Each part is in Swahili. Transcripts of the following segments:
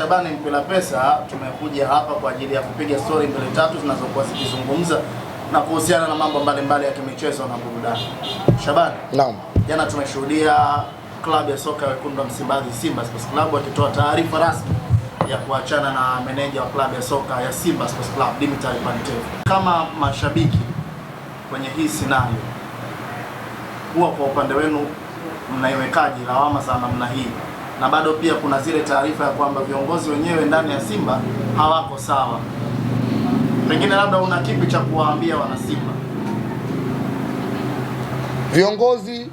Shabani Mpwila Pesa, tumekuja hapa kwa ajili ya kupiga stori mbili tatu zinazokuwa zikizungumza na kuhusiana na mambo mbalimbali ya kimichezo na burudani. Shabani, naam, jana tumeshuhudia klabu ya soka ya wekundu wa Msimbazi Simba Sports Club wakitoa taarifa rasmi ya kuachana na meneja wa klabu ya soka ya Simba Sports Club Dimitri Pantev. Kama mashabiki kwenye hii scenario, huwa kwa upande wenu mnaiwekaje lawama za namna hii? na bado pia kuna zile taarifa ya kwamba viongozi wenyewe ndani ya Simba hawako sawa. Pengine labda una kipi cha kuwaambia wanasimba, viongozi,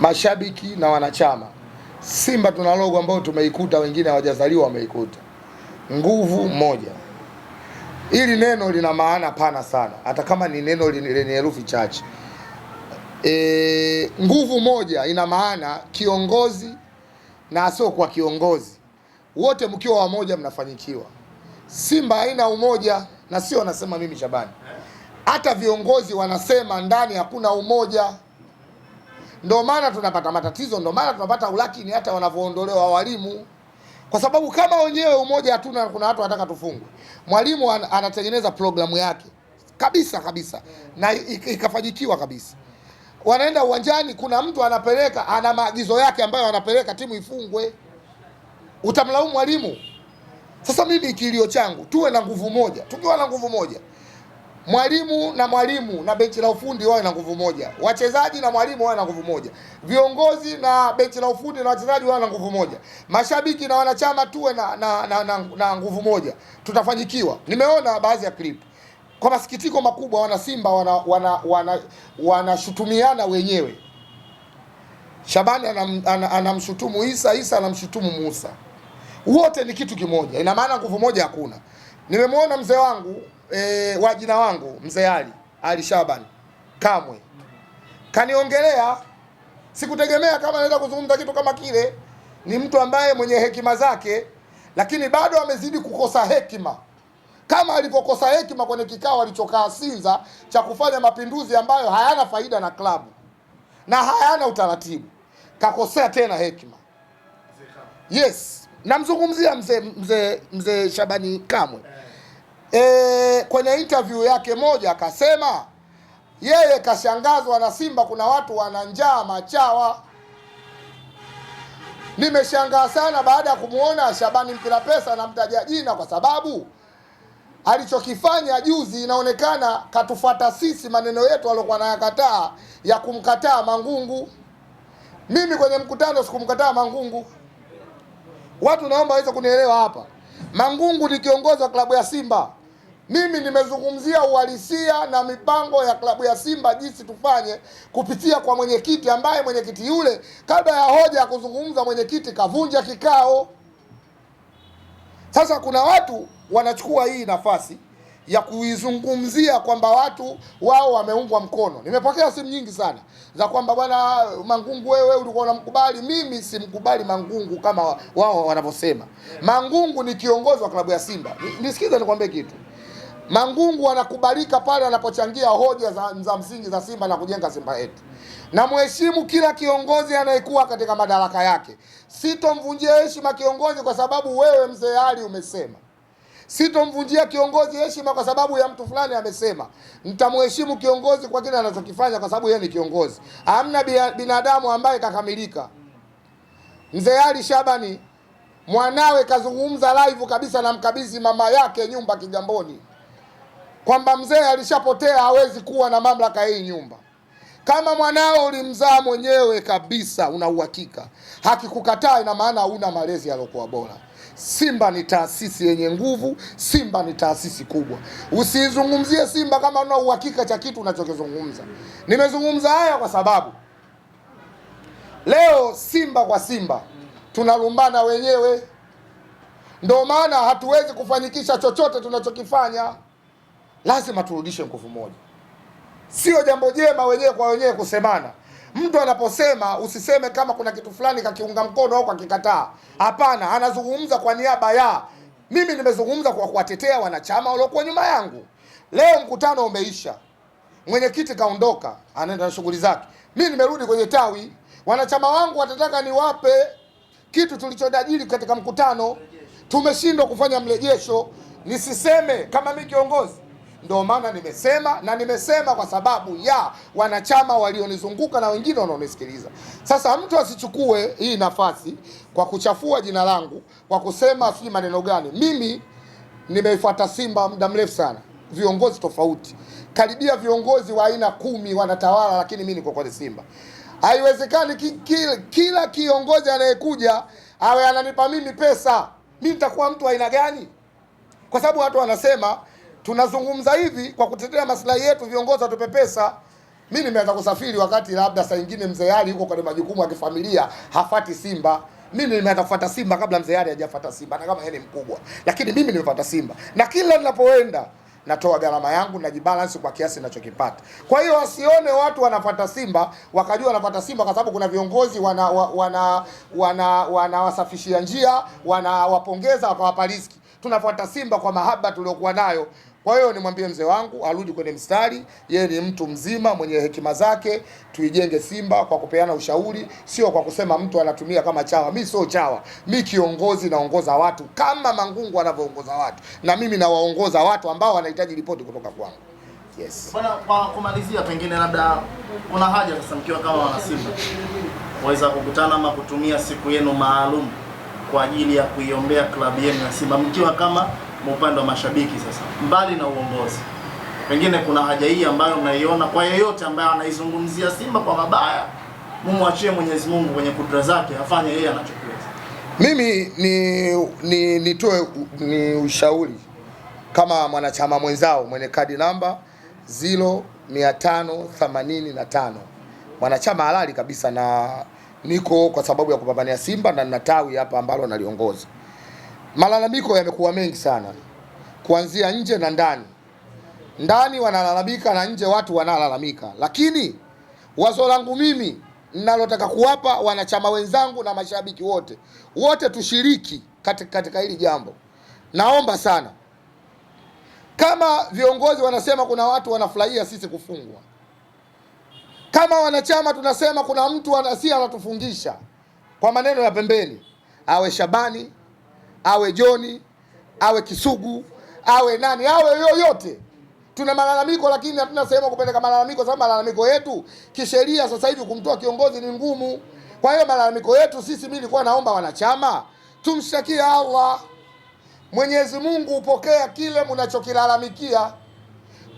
mashabiki na wanachama? Simba tuna logo ambayo tumeikuta, wengine hawajazaliwa wameikuta, nguvu moja. Hili neno lina maana pana sana, hata kama ni neno lenye herufi chache. E, nguvu moja ina maana kiongozi na sio kwa kiongozi. Wote mkiwa wamoja mnafanikiwa. Simba haina umoja, na sio anasema mimi Shabani, hata viongozi wanasema ndani hakuna umoja. Ndio maana tunapata matatizo, ndio maana tunapata ulakini hata wanavyoondolewa walimu, kwa sababu kama wenyewe umoja hatuna. Kuna watu wanataka tufungwe. Mwalimu an, anatengeneza programu yake kabisa kabisa na ikafanyikiwa kabisa wanaenda uwanjani, kuna mtu anapeleka, ana maagizo yake ambayo anapeleka timu ifungwe, utamlaumu mwalimu? Sasa mimi kilio changu, tuwe na nguvu moja. Tukiwa na nguvu moja, mwalimu na mwalimu na benchi la ufundi wawe na nguvu moja, wachezaji na mwalimu wawe na nguvu moja, viongozi na benchi la ufundi na wachezaji wawe na nguvu moja, mashabiki na wanachama tuwe na, na, na, na, na nguvu moja, tutafanyikiwa. Nimeona baadhi ya klipu kwa masikitiko makubwa, wanasimba wanashutumiana wana, wana, wana wenyewe. Shabani anamshutumu anam Isa, Isa anamshutumu Musa, wote ni kitu kimoja, ina maana nguvu moja hakuna. Nimemwona mzee wangu e, wa jina wangu mzee Ali Ali Shaban Kamwe kaniongelea, sikutegemea kama naweza kuzungumza kitu kama kile. Ni mtu ambaye mwenye hekima zake, lakini bado amezidi kukosa hekima kama alivyokosa hekima kwenye kikao alichokaa Sinza cha kufanya mapinduzi ambayo hayana faida na klabu na hayana utaratibu, kakosea tena hekima. Yes, namzungumzia mzee mzee mzee Shabani Kamwe. Eh. E, kwenye interview yake moja akasema yeye kashangazwa na Simba, kuna watu wana njaa machawa. Nimeshangaa sana baada ya kumwona Shabani Mpira Pesa, namtaja jina kwa sababu alichokifanya juzi inaonekana katufata sisi maneno yetu aliokuwa nayakataa ya kumkataa Mangungu. Mimi kwenye mkutano sikumkataa Mangungu, watu naomba waweze kunielewa hapa. Mangungu ni kiongozi wa klabu ya Simba. Mimi nimezungumzia uhalisia na mipango ya klabu ya Simba jinsi tufanye kupitia kwa mwenyekiti, ambaye mwenyekiti yule kabla ya hoja ya kuzungumza mwenyekiti kavunja kikao. Sasa kuna watu wanachukua hii nafasi ya kuizungumzia kwamba watu wao wameungwa mkono. Nimepokea simu nyingi sana za kwamba bwana Mangungu, wewe ulikuwa unamkubali. Mimi simkubali Mangungu kama wao wanavyosema. Mangungu ni kiongozi wa klabu ya Simba. Nisikize nikwambie kitu. Mangungu anakubalika pale anapochangia hoja za, za msingi za Simba na kujenga Simba yetu. Na mheshimu kila kiongozi anayekuwa katika madaraka yake. Sitomvunjia heshima kiongozi kwa sababu wewe mzee Ali umesema Sitomvunjia kiongozi heshima kwa sababu ya mtu fulani amesema. Nitamheshimu kiongozi kwa kile anachokifanya, kwa sababu yeye ni kiongozi. Hamna binadamu ambaye kakamilika. Mzee Ali Shabani mwanawe kazungumza live kabisa, mkabizi mama yake nyumba Kigamboni, kwamba mzee alishapotea, hawezi kuwa na mamlaka hii nyumba. Kama mwanao ulimzaa mwenyewe kabisa, una uhakika, hakikukataa, ina maana una malezi yaliokuwa bora. Simba ni taasisi yenye nguvu. Simba ni taasisi kubwa. Usizungumzie Simba kama una uhakika cha kitu unachokizungumza. Nimezungumza haya kwa sababu leo Simba kwa Simba tunalumbana wenyewe, ndio maana hatuwezi kufanikisha chochote tunachokifanya. Lazima turudishe nguvu moja. Sio jambo jema wenyewe kwa wenyewe kusemana. Mtu anaposema usiseme kama kuna kitu fulani kakiunga mkono au kakikataa. Hapana, anazungumza kwa niaba ya. Mimi nimezungumza kwa kuwatetea wanachama waliokuwa nyuma yangu. Leo mkutano umeisha, mwenyekiti kaondoka, anaenda na shughuli zake. Mimi nimerudi kwenye tawi, wanachama wangu watataka niwape kitu tulichodajili katika mkutano, tumeshindwa kufanya mrejesho. Nisiseme kama mimi kiongozi ndio maana nimesema na nimesema kwa sababu ya wanachama walionizunguka na wengine wanaonisikiliza. Sasa mtu asichukue hii nafasi kwa kuchafua jina langu kwa kusema sijui maneno gani. Mimi nimeifuata Simba muda mrefu sana, viongozi tofauti, karibia viongozi wa aina kumi wanatawala, lakini mimi niko kwenye Simba. Haiwezekani ki, ki, kila kiongozi anayekuja awe ananipa mimi pesa. Mi nitakuwa mtu aina gani? Kwa sababu watu wanasema tunazungumza hivi kwa kutetea maslahi yetu, viongozi watupe pesa. Mimi nimeanza kusafiri wakati labda saa nyingine mzee Ali yuko kwenye majukumu ya kifamilia, hafati Simba. Mimi nimeanza kufuata Simba kabla mzee Ali hajafuata Simba, na kama yeye ni mkubwa, lakini mimi nimefuata Simba na kila ninapoenda natoa gharama yangu na jibalance kwa kiasi ninachokipata. Kwa hiyo wasione watu wanafuata Simba wakajua wanafuata Simba kwa sababu kuna viongozi wana wana wanawasafishia wana njia wanawapongeza wakawapa riziki. Tunafuata Simba kwa mahaba tuliokuwa nayo. Kwa hiyo nimwambie mzee wangu arudi kwenye mstari, yeye ni mtu mzima mwenye hekima zake. Tuijenge Simba kwa kupeana ushauri, sio kwa kusema mtu anatumia kama chawa. Mi sio chawa, mi kiongozi, naongoza watu kama Mangungu anavyoongoza watu, na mimi nawaongoza watu ambao wanahitaji ripoti kutoka kwangu. Yes. Bwana, kwa kumalizia, pengine labda kuna haja sasa, mkiwa kama Simba waweza kukutana ama kutumia siku yenu maalum kwa ajili ya kuiombea klabu yenu ya Simba mkiwa kama upande wa mashabiki sasa, mbali na uongozi, pengine kuna haja hii ambayo mnaiona kwa yeyote ambaye anaizungumzia Simba kwa mabaya, mumwachie Mwenyezi Mungu kwenye kudra zake afanye yeye anachokiweza. Mimi ni nitoe ni, ni ushauri kama mwanachama mwenzao mwenye kadi namba 0585 mwanachama halali kabisa, na niko kwa sababu ya kupambania Simba na nina tawi hapa ambalo naliongoza. Malalamiko yamekuwa mengi sana, kuanzia nje na ndani. Ndani wanalalamika na nje watu wanalalamika, lakini wazo langu mimi ninalotaka kuwapa wanachama wenzangu na mashabiki wote wote, tushiriki katika, katika hili jambo. Naomba sana, kama viongozi wanasema kuna watu wanafurahia sisi kufungwa, kama wanachama tunasema kuna mtu anasi anatufungisha, kwa maneno ya pembeni, awe Shabani awe Joni awe Kisugu awe nani awe yoyote, tuna malalamiko, lakini hatuna sehemu kupeleka malalamiko, sababu malalamiko yetu kisheria sasa hivi kumtoa kiongozi ni ngumu. Kwa hiyo malalamiko yetu sisi, mimi nilikuwa naomba wanachama tumshtakie Allah, Mwenyezi Mungu upokea kile mnachokilalamikia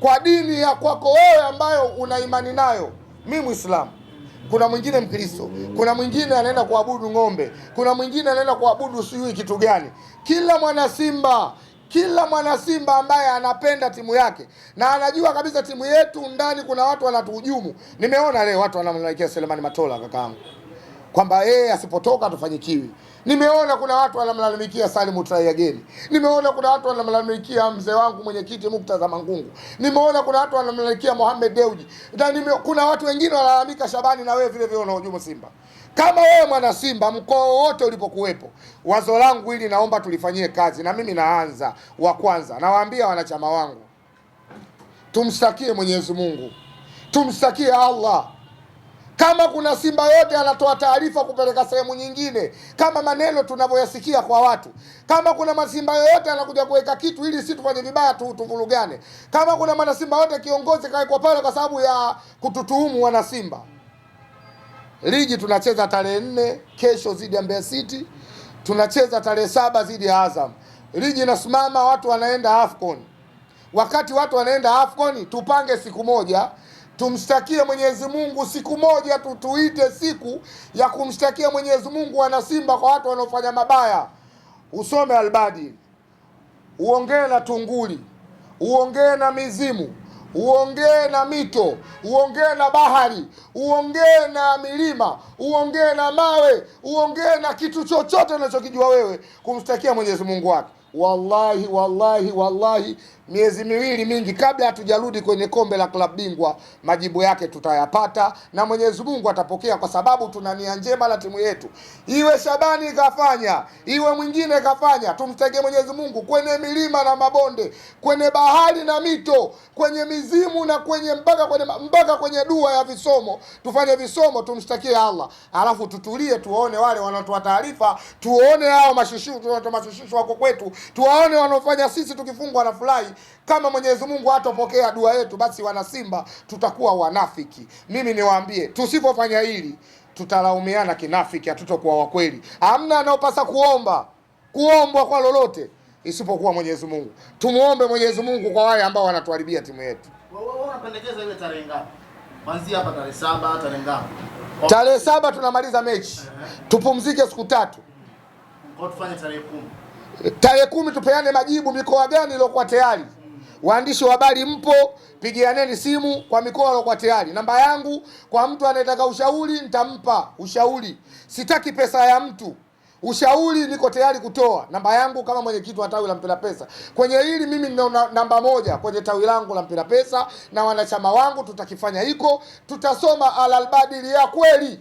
kwa dini ya kwako wewe ambayo una imani nayo. Mi Mwislamu kuna mwingine Mkristo, kuna mwingine anaenda kuabudu ng'ombe, kuna mwingine anaenda kuabudu sijui kitu gani. Kila mwana Simba, kila mwana Simba ambaye anapenda timu yake na anajua kabisa timu yetu ndani kuna watu wanatuhujumu. Nimeona leo watu wanamlalaikia Selemani Matola kakaangu kwamba yeye asipotoka tufanyikiwi. Nimeona kuna watu wanamlalamikia Salimu Tryageni, nimeona kuna watu wanamlalamikia mzee wangu mwenyekiti Muktaza Mangungu, nimeona kuna watu wanamlalamikia Mohamed Deuji na nime, kuna watu wengine wanalalamika Shabani na wewe vile vile unahujumu Simba. Kama wewe mwana Simba, mkoa wote ulipokuwepo, wazo langu hili naomba tulifanyie kazi, na mimi naanza wa kwanza, nawaambia wanachama wangu, tumstakie Mwenyezi Mungu, tumstakie Allah kama kuna Simba yote anatoa taarifa kupeleka sehemu nyingine, kama maneno tunavyoyasikia kwa watu. Kama kuna Masimba yoyote anakuja kuweka kitu ili si tufanye vibaya tu tuvurugane. Kama kuna Mwanasimba yote kiongozi kawekwa pale kwa sababu ya kututuhumu Wanasimba. Ligi tunacheza tarehe nne kesho dhidi ya Mbeya City, tunacheza tarehe saba dhidi ya Azam. Ligi inasimama, watu wanaenda Afcon. Wakati watu wanaenda Afcon, tupange siku moja Tumshtakie Mwenyezi Mungu siku moja tu, tuite siku ya kumshtakia Mwenyezi Mungu wanasimba kwa watu wanaofanya mabaya. Usome Albadi, uongee na tunguli, uongee na mizimu, uongee na mito, uongee na bahari, uongee na milima, uongee na mawe, uongee na kitu chochote unachokijua wewe kumshtakia Mwenyezi Mungu wake. Wallahi, wallahi, wallahi miezi miwili mingi kabla hatujarudi kwenye kombe la klabu bingwa, majibu yake tutayapata na Mwenyezi Mungu atapokea, kwa sababu tuna nia njema na timu yetu. Iwe Shabani kafanya, iwe mwingine kafanya, tumtege Mwenyezi Mungu kwenye milima na mabonde, kwenye bahari na mito, kwenye mizimu na kwenye mpaka kwenye mpaka kwenye dua ya visomo. Tufanye visomo, tumshtakie Allah, alafu tutulie, tuwaone wale wanatoa taarifa, tuone hao mashushu, tunatoa mashushu wako kwetu, tuwaone wanaofanya sisi tukifungwa na furahi kama Mwenyezi Mungu hatopokea dua yetu, basi wanasimba tutakuwa wanafiki. Mimi niwaambie, tusipofanya hili tutalaumiana kinafiki, hatutokuwa wa kweli. Hamna anaopasa kuomba kuombwa kwa lolote isipokuwa Mwenyezi Mungu. Tumuombe Mwenyezi Mungu kwa wale ambao wanatuharibia timu yetu. Tarehe saba tunamaliza mechi, tupumzike siku tatu. Tarehe kumi tupeane majibu mikoa gani iliyokuwa tayari. Waandishi wa habari mpo, pigianeni simu kwa mikoa iliyokuwa tayari. Namba yangu kwa mtu anayetaka ushauri nitampa ushauri. Sitaki pesa ya mtu. Ushauri niko tayari kutoa. Namba yangu kama mwenyekiti wa tawi la Mpira Pesa. Kwenye hili mimi nina namba moja kwenye tawi langu la Mpira Pesa na wanachama wangu tutakifanya hiko, tutasoma alalbadili ya kweli.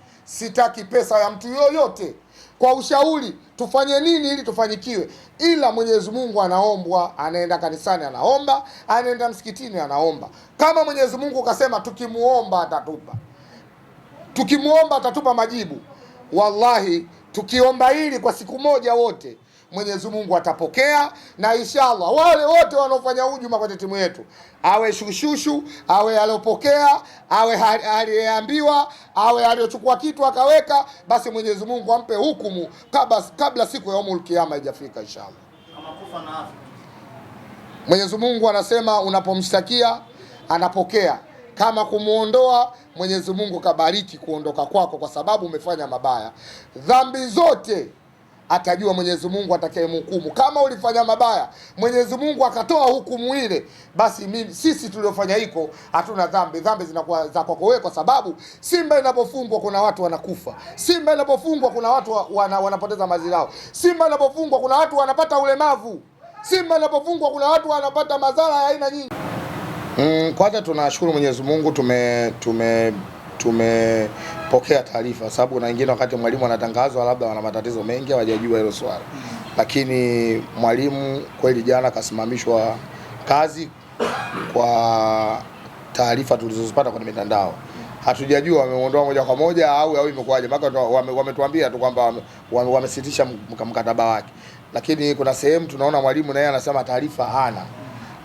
sitaki pesa ya mtu yoyote, kwa ushauri tufanye nini ili tufanyikiwe. Ila Mwenyezi Mungu anaombwa, anaenda kanisani anaomba, anaenda msikitini anaomba. Kama Mwenyezi Mungu kasema tukimuomba atatupa, tukimuomba atatupa majibu. Wallahi, tukiomba hili kwa siku moja wote Mwenyezi Mungu atapokea, na inshallah wale wote wanaofanya hujuma kwenye timu yetu, awe shushushu, awe aliyopokea, awe aliyeambiwa, awe aliyochukua kitu akaweka, basi Mwenyezi Mungu ampe hukumu kabla, kabla siku ya yaumul kiyama haijafika inshallah. Mwenyezi Mungu anasema unapomshtakia anapokea kama kumwondoa Mwenyezi Mungu kabariki kuondoka kwako, kwa sababu umefanya mabaya. Dhambi zote atajua Mwenyezi Mungu atakayemhukumu. Kama ulifanya mabaya, Mwenyezi Mungu akatoa hukumu ile, basi mimi, sisi tuliofanya hiko hatuna dhambi. Dhambi zinakuwa za kwako wewe, kwa sababu Simba inapofungwa kuna watu wanakufa. Simba inapofungwa kuna watu wana, wanapoteza mazi Simba inapofungwa kuna watu wanapata ulemavu. Simba inapofungwa kuna watu wanapata madhara ya aina nyingi. Mm, kwanza tunashukuru Mwenyezi Mungu tume tume tumepokea taarifa, sababu na wengine wakati mwalimu anatangazwa labda wana matatizo mengi hawajajua hilo swala, lakini mwalimu kweli jana kasimamishwa kazi kwa taarifa tulizozipata kwenye mitandao hatujajua wameondoa moja kwa moja au au imekuwaje, maka wametuambia tu kwamba wamesitisha mkataba wake, lakini kuna sehemu tunaona mwalimu naye anasema taarifa hana,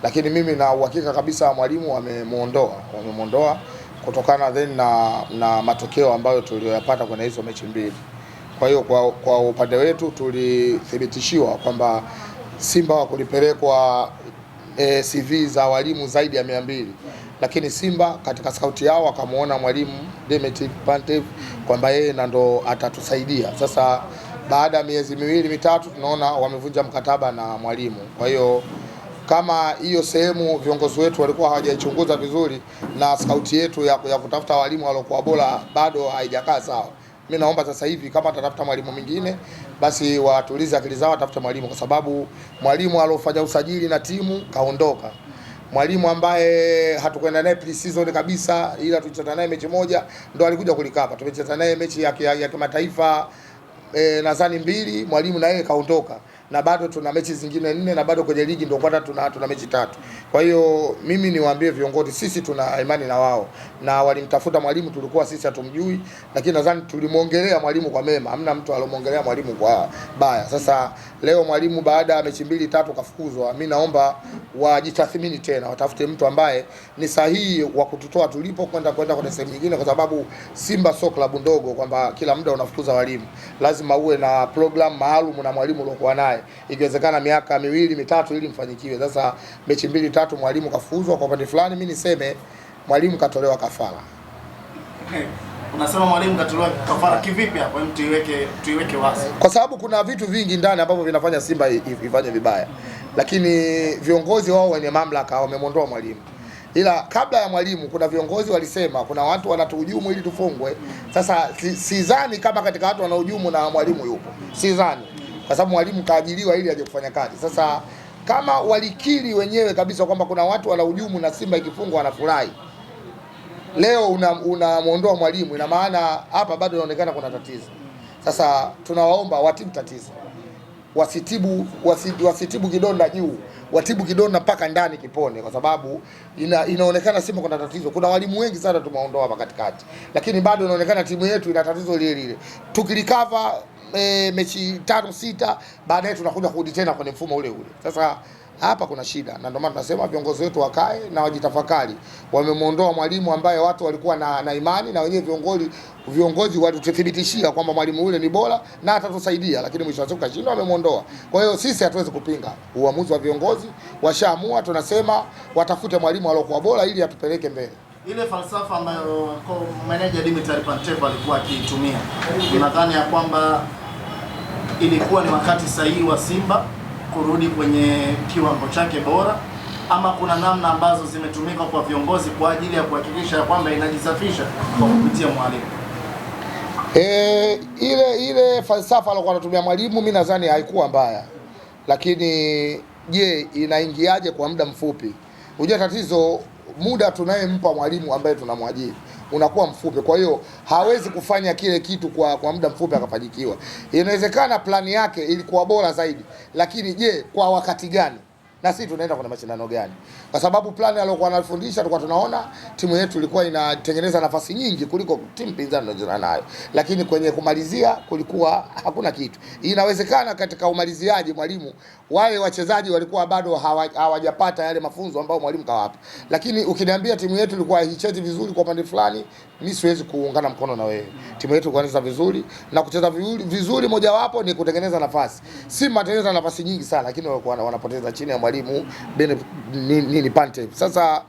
lakini mimi na uhakika kabisa mwalimu wamemuondoa, wamemuondoa kutokana then na, na matokeo ambayo tuliyoyapata kwenye hizo mechi mbili. Kwa hiyo kwa, kwa upande wetu tulithibitishiwa kwamba Simba wakulipelekwa e, eh, CV za walimu zaidi ya mia mbili, lakini Simba katika skauti yao wakamwona mwalimu Demetri Pantev kwamba yeye na ndo atatusaidia. Sasa baada ya miezi miwili mitatu, tunaona wamevunja mkataba na mwalimu, kwa hiyo kama hiyo sehemu viongozi wetu walikuwa hawajaichunguza vizuri na skauti yetu ya, ya kutafuta walimu waliokuwa bora bado haijakaa sawa. Mimi naomba sasa hivi kama atatafuta mwalimu mwingine basi watulize akili zao, atafute mwalimu, kwa sababu mwalimu aliofanya usajili na timu kaondoka. Mwalimu ambaye hatukwenda naye pre-season kabisa, ila tulicheza naye mechi moja, ndo alikuja kulikapa. Tumecheza naye mechi ya, ya, ya kimataifa e, nadhani mbili, mwalimu na yeye kaondoka na bado tuna mechi zingine nne na bado kwenye ligi ndio kwanza tuna, tuna mechi tatu. Kwa hiyo mimi niwaambie viongozi, sisi tuna imani na wao, na walimtafuta mwalimu, tulikuwa sisi hatumjui, lakini nadhani tulimwongelea mwalimu kwa mema, hamna mtu alomwongelea mwalimu kwa baya. Sasa leo mwalimu baada ya mechi mbili tatu kafukuzwa, mimi naomba wajitathmini tena, watafute mtu ambaye ni sahihi wa kututoa tulipo kwenda kwenda kwenye sehemu nyingine, kwa sababu Simba sio klabu ndogo kwamba kila muda unafukuza walimu, lazima uwe na program maalum na mwalimu uliokuwa naye baadaye, ikiwezekana miaka miwili mitatu, ili mfanyikiwe. Sasa mechi mbili tatu mwalimu kafuzwa kwa upande fulani, mimi niseme mwalimu katolewa kafara. Unasema mwalimu katolewa kafara kivipi hapo? Hem, tuiweke tuiweke wazi, kwa sababu kuna vitu vingi ndani ambavyo vinafanya Simba ifanye vibaya, lakini viongozi wao wenye mamlaka wamemwondoa mwalimu ila kabla ya mwalimu kuna viongozi walisema kuna watu wanatuhujumu ili tufungwe. Sasa sidhani kama katika watu wanahujumu na mwalimu yupo, sidhani kwa sababu mwalimu kaajiriwa ili aje kufanya kazi. Sasa kama walikiri wenyewe kabisa kwamba kuna watu wanahujumu na Simba ikifungwa wanafurahi, leo unamwondoa una mwalimu, ina maana hapa bado inaonekana kuna tatizo. Sasa tunawaomba watibu tatizo, wasitibu wasitibu kidonda juu, watibu kidonda mpaka ndani kipone, kwa sababu ina, inaonekana Simba kuna tatizo. Kuna walimu wengi sana tumeondoa hapa katikati, lakini bado inaonekana timu yetu ina tatizo lile lile, tukilikava e, mechi tano sita, baadaye tunakuja kurudi tena kwenye mfumo ule ule. Sasa hapa kuna shida, na ndio maana tunasema viongozi wetu wakae na wajitafakari. Wamemwondoa mwalimu ambaye watu walikuwa na, na imani na wenyewe viongozi viongozi walituthibitishia kwamba mwalimu yule ni bora na atatusaidia, lakini mwisho wa siku kashindwa, wamemwondoa. Kwa hiyo sisi hatuwezi kupinga uamuzi wa viongozi, washaamua. Tunasema watafute mwalimu aliyokuwa bora ili atupeleke mbele ile falsafa ambayo manager Dimitri Pantev alikuwa akiitumia, nadhani ya kwamba ilikuwa ni wakati sahihi wa Simba kurudi kwenye kiwango chake bora, ama kuna namna ambazo zimetumika kwa viongozi kwa ajili ya kuhakikisha ya kwamba inajisafisha kwa kupitia mwalimu. E, ile ile falsafa alikuwa anatumia mwalimu mimi nadhani haikuwa mbaya, lakini je, inaingiaje kwa muda mfupi? Unajua tatizo muda tunayempa mwalimu ambaye tunamwajiri unakuwa mfupi, kwa hiyo hawezi kufanya kile kitu kwa kwa muda mfupi akafanikiwa. Inawezekana plani yake ilikuwa bora zaidi, lakini je, kwa wakati gani? Na sisi tunaenda kwenye mashindano gani? kwa sababu plani aliyokuwa anafundisha tulikuwa tunaona timu yetu ilikuwa inatengeneza nafasi nyingi kuliko timu pinzani tunazozana nayo, lakini kwenye kumalizia kulikuwa hakuna kitu. Inawezekana katika umaliziaji mwalimu, wale wachezaji walikuwa bado hawajapata yale mafunzo ambayo mwalimu kawapa, lakini ukiniambia timu yetu ilikuwa haichezi vizuri kwa upande fulani, mimi siwezi kuungana mkono na wewe. Timu yetu ilikuwa vizuri na kucheza vizuri, vizuri mojawapo ni kutengeneza nafasi. Simba tengeneza nafasi nyingi sana, lakini wanapoteza chini ya mwalimu nini lakini Pantev sasa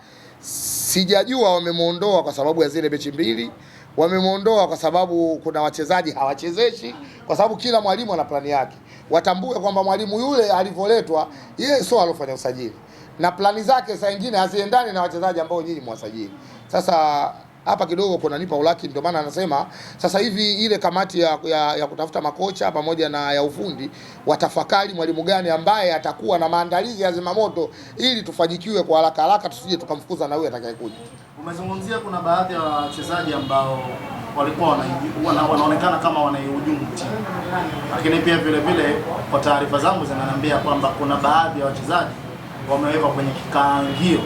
sijajua wamemuondoa kwa sababu ya zile mechi mbili, wamemuondoa kwa sababu kuna wachezaji hawachezeshi, kwa sababu kila mwalimu ana plani yake. Watambue kwamba mwalimu yule alivyoletwa yeye sio alofanya usajili, na plani zake saa nyingine haziendani na wachezaji ambao nyinyi mwasajili sasa hapa kidogo nipa ulaki. Ndio maana anasema sasa hivi ile kamati ya, ya, ya kutafuta makocha pamoja na ya ufundi watafakari mwalimu gani ambaye atakuwa na maandalizi ya zimamoto ili tufanyikiwe kwa haraka haraka, tusije tukamfukuza na huyo atakayekuja. Umezungumzia kuna baadhi ya wachezaji ambao walikuwa wana, wanaonekana kama wanaihujumu timu, lakini pia vile vile kwa taarifa zangu zinaniambia kwamba kuna baadhi ya wachezaji wamewekwa kwenye kikaangio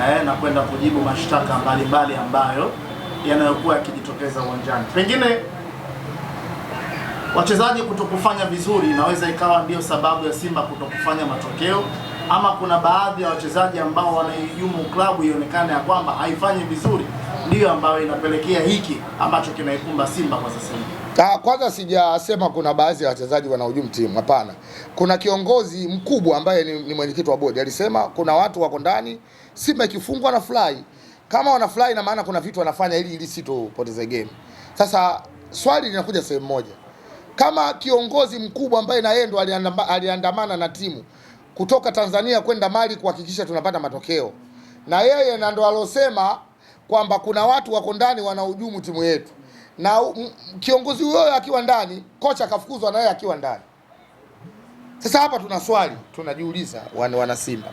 eh, na kwenda kujibu mashtaka mbalimbali ambayo yanayokuwa yakijitokeza uwanjani. Pengine wachezaji kutokufanya vizuri inaweza ikawa ndio sababu ya Simba kutokufanya matokeo, ama kuna baadhi ya wachezaji ambao wanaihujumu klabu ionekane ya kwamba haifanyi vizuri, ndiyo ambayo inapelekea hiki ambacho kinaikumba Simba kwa sasa hivi. Ah, Kwanza sijasema kuna baadhi ya wachezaji wanahujumu timu, hapana. Kuna kiongozi mkubwa ambaye ni, ni mwenyekiti wa bodi alisema kuna watu wako ndani, Simba ikifungwa na fly kama wana fly na maana kuna vitu wanafanya ili ili sitopoteze game. Sasa swali linakuja sehemu moja, kama kiongozi mkubwa ambaye na yeye ndo aliandamana na timu kutoka Tanzania kwenda Mali kuhakikisha tunapata matokeo, na yeye na ndo alosema kwamba kuna watu wako ndani wanahujumu timu yetu, na kiongozi huyo akiwa ndani, kocha akafukuzwa naye akiwa ndani. Sasa hapa tuna swali tunajiuliza, wana, wana Simba,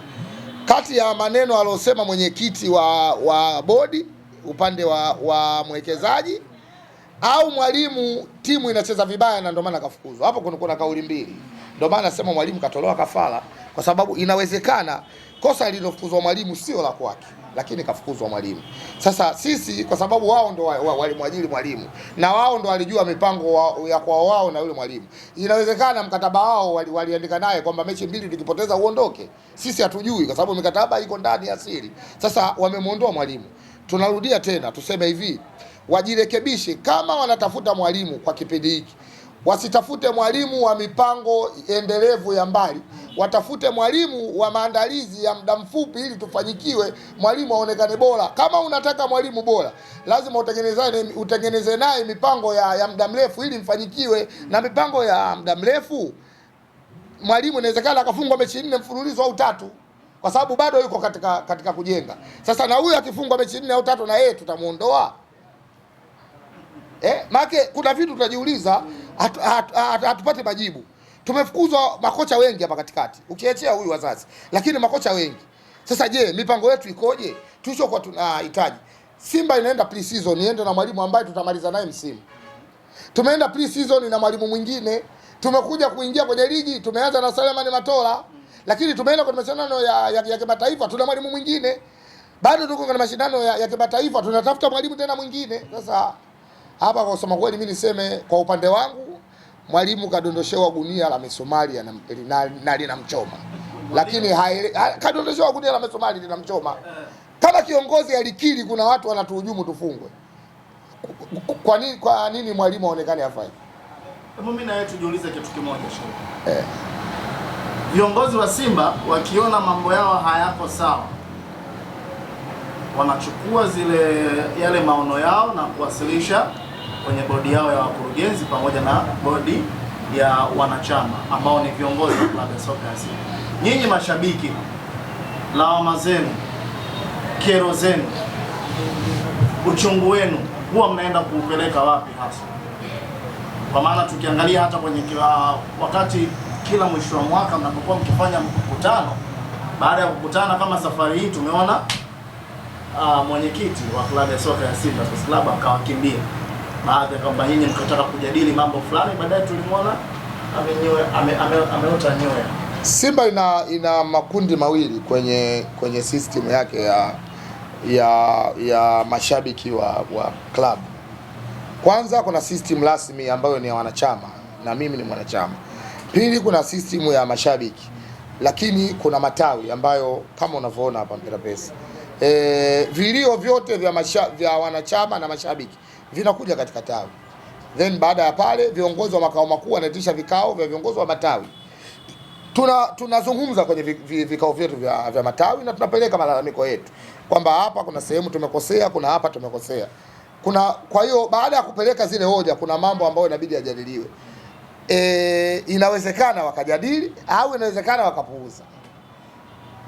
kati ya maneno aliyosema mwenyekiti wa, wa bodi upande wa, wa mwekezaji au mwalimu, timu inacheza vibaya na ndio maana kafukuzwa. Hapo kuna kuna kauli mbili, ndio maana nasema mwalimu katolewa kafara, kwa sababu inawezekana kosa lililofukuzwa mwalimu sio la kwake lakini kafukuzwa mwalimu. Sasa sisi kwa sababu wao ndo walimwajiri mwalimu na wao ndo walijua mipango wa, ya kwa wao na yule mwalimu, inawezekana mkataba wao waliandika wali naye kwamba mechi mbili tukipoteza uondoke. Sisi hatujui kwa sababu mikataba iko ndani ya siri. Sasa wamemwondoa mwalimu. Tunarudia tena tuseme hivi, wajirekebishe kama wanatafuta mwalimu kwa kipindi hiki wasitafute mwalimu wa mipango endelevu ya mbali, watafute mwalimu wa maandalizi ya muda mfupi ili tufanyikiwe, mwalimu aonekane bora. Kama unataka mwalimu bora, lazima utengenezane utengeneze naye mipango ya, ya muda mrefu ili mfanyikiwe. Na mipango ya muda mrefu, mwalimu inawezekana akafungwa mechi nne mfululizo au tatu, kwa sababu bado yuko katika katika kujenga. Sasa na huyu akifungwa mechi nne au tatu, na yeye tutamuondoa eh? Make kuna vitu tutajiuliza hatupate hatu, hatu, hatu, hatu majibu. Tumefukuzwa makocha wengi hapa katikati, ukiachia huyu wazazi, lakini makocha wengi. Sasa je, mipango yetu ikoje? Tulichokuwa tunahitaji Simba inaenda pre-season iende na mwalimu ambaye tutamaliza naye msimu. Tumeenda pre-season na mwalimu mwingine, tumekuja kuingia kwenye ligi, tumeanza na Salemani Matola, lakini tumeenda kwenye mashindano ya, ya, ya kimataifa tuna mwalimu mwingine. Bado tuko kwenye mashindano ya, ya kimataifa tunatafuta mwalimu tena mwingine. Sasa hapa kwa kusema kweli, mimi niseme kwa upande wangu mwalimu kadondoshewa gunia la mesomali na linamchoma, lakini kadondoshewa gunia la mesomali linamchoma. Kama kiongozi alikiri kuna watu wanatuhujumu tufungwe, kwa nini? Kwa nini mwalimu aonekane afai? Mimi na wewe tujiulize kitu kimoja eh. Viongozi wa Simba wakiona mambo yao hayako sawa wanachukua zile yale maono yao na kuwasilisha kwenye bodi yao ya wakurugenzi pamoja na bodi ya wanachama ambao ni viongozi wa klabu ya soka Simba. Nyinyi mashabiki, lawama zenu, kero zenu, uchungu wenu huwa mnaenda kuupeleka wapi hasa? Kwa maana tukiangalia hata kwenye kila wakati, kila mwisho wa mwaka mnapokuwa mkifanya mkutano, baada ya kukutana kama safari hii tumeona uh, mwenyekiti wa klabu ya soka ya Simba Sports Club akawakimbia baadhi kwamba nyinyi mkataka kujadili mambo fulani, baadaye tulimwona ame, ame, ameota nyoya. Simba ina ina makundi mawili kwenye kwenye system yake ya ya ya mashabiki wa wa club. Kwanza kuna system rasmi ambayo ni ya wanachama na mimi ni mwanachama. Pili kuna system ya mashabiki, lakini kuna matawi ambayo kama unavyoona hapa Mpira Pesa. E, vilio vyote vya, masha, vya wanachama na mashabiki vinakuja katika tawi. Then baada ya pale viongozi wa makao makuu wanaitisha vikao vya viongozi wa matawi. Tuna tunazungumza kwenye vikao vyetu vya, vya matawi na tunapeleka malalamiko yetu kwamba hapa kuna sehemu tumekosea, kuna hapa tumekosea, kuna kwa hiyo baada ya kupeleka zile hoja, kuna mambo ambayo inabidi yajadiliwe. E, inawezekana wakajadili au inawezekana wakapuuza,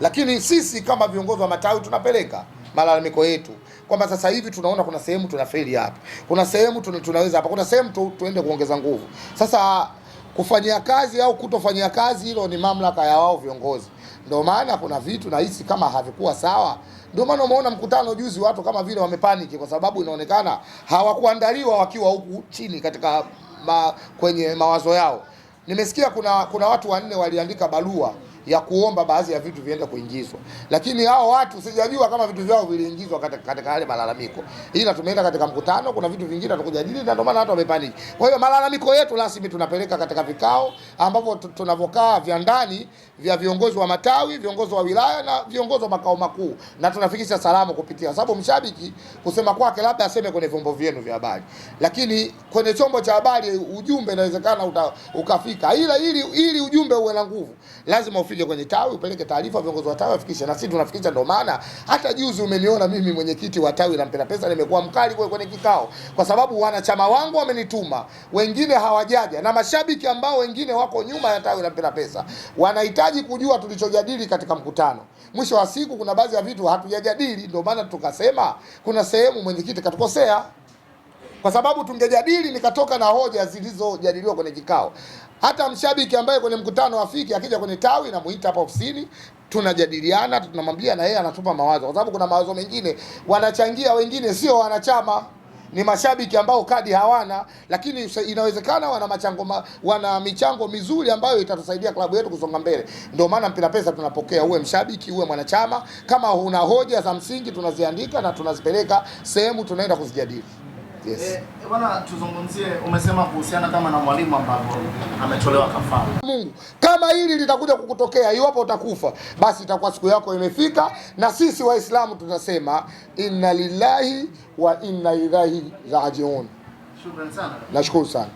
lakini sisi kama viongozi wa matawi tunapeleka malalamiko yetu kwamba sasa hivi tunaona kuna sehemu tunafeli hapa, kuna sehemu tunaweza hapa, kuna sehemu tu, tuende kuongeza nguvu. Sasa kufanyia kazi au kutofanyia kazi, hilo ni mamlaka ya wao viongozi. Ndio maana kuna vitu nahisi kama havikuwa sawa. Ndio maana umeona mkutano juzi, watu kama vile wamepaniki, kwa sababu inaonekana hawakuandaliwa wakiwa huku chini katika ma, kwenye mawazo yao. Nimesikia kuna kuna watu wanne waliandika barua ya kuomba baadhi ya vitu viende kuingizwa, lakini hao watu sijajua kama vitu vyao viliingizwa katika yale malalamiko, ila tumeenda katika mkutano, kuna vitu vingine hatukujadili na ndio maana watu wamepaniki. Kwa hiyo malalamiko yetu rasmi tunapeleka katika vikao ambapo tunavokaa vya ndani vya viongozi wa matawi, viongozi wa wilaya na viongozi wa makao makuu, na tunafikisha salamu kupitia, sababu mshabiki kusema kwake labda aseme kwenye vyombo vyenu vya habari, lakini kwenye chombo cha habari ujumbe inawezekana ukafika, ila ili, ili ujumbe uwe na nguvu lazima usije kwenye tawi upeleke taarifa, viongozi wa tawi wafikishe, na sisi tunafikisha. Ndio maana hata juzi umeniona mimi mwenyekiti wa tawi la Mpenda Pesa nimekuwa mkali kwa kwenye kikao, kwa sababu wanachama wangu wamenituma, wengine hawajaja, na mashabiki ambao wengine wako nyuma ya tawi la Mpenda Pesa wanahitaji kujua tulichojadili katika mkutano. Mwisho wa siku, kuna baadhi ya vitu hatujajadili, ndio maana tukasema kuna sehemu mwenyekiti katukosea kwa sababu tungejadili nikatoka na hoja zilizojadiliwa kwenye kikao. Hata mshabiki ambaye kwenye mkutano afiki, akija kwenye tawi namuita hapa ofisini, tunajadiliana, tunamwambia na yeye anatupa mawazo, kwa sababu kuna mawazo mengine wanachangia wengine sio wanachama ni mashabiki ambao kadi hawana, lakini inawezekana wana machango ma, wana michango mizuri ambayo itatusaidia klabu yetu kusonga mbele. Ndio maana mpira pesa tunapokea, uwe mshabiki uwe mwanachama. Kama una hoja za msingi tunaziandika na tunazipeleka sehemu, tunaenda kuzijadili. Yes. Eh, eh, bwana tuzungumzie, umesema kuhusiana kama na mwalimu ambapo ametolewa kafara. Mungu, kama hili litakuja kukutokea iwapo utakufa, basi itakuwa siku yako imefika, na sisi Waislamu tunasema inna lillahi wa inna ilaihi rajiun. Shukrani sana. Nashukuru sana.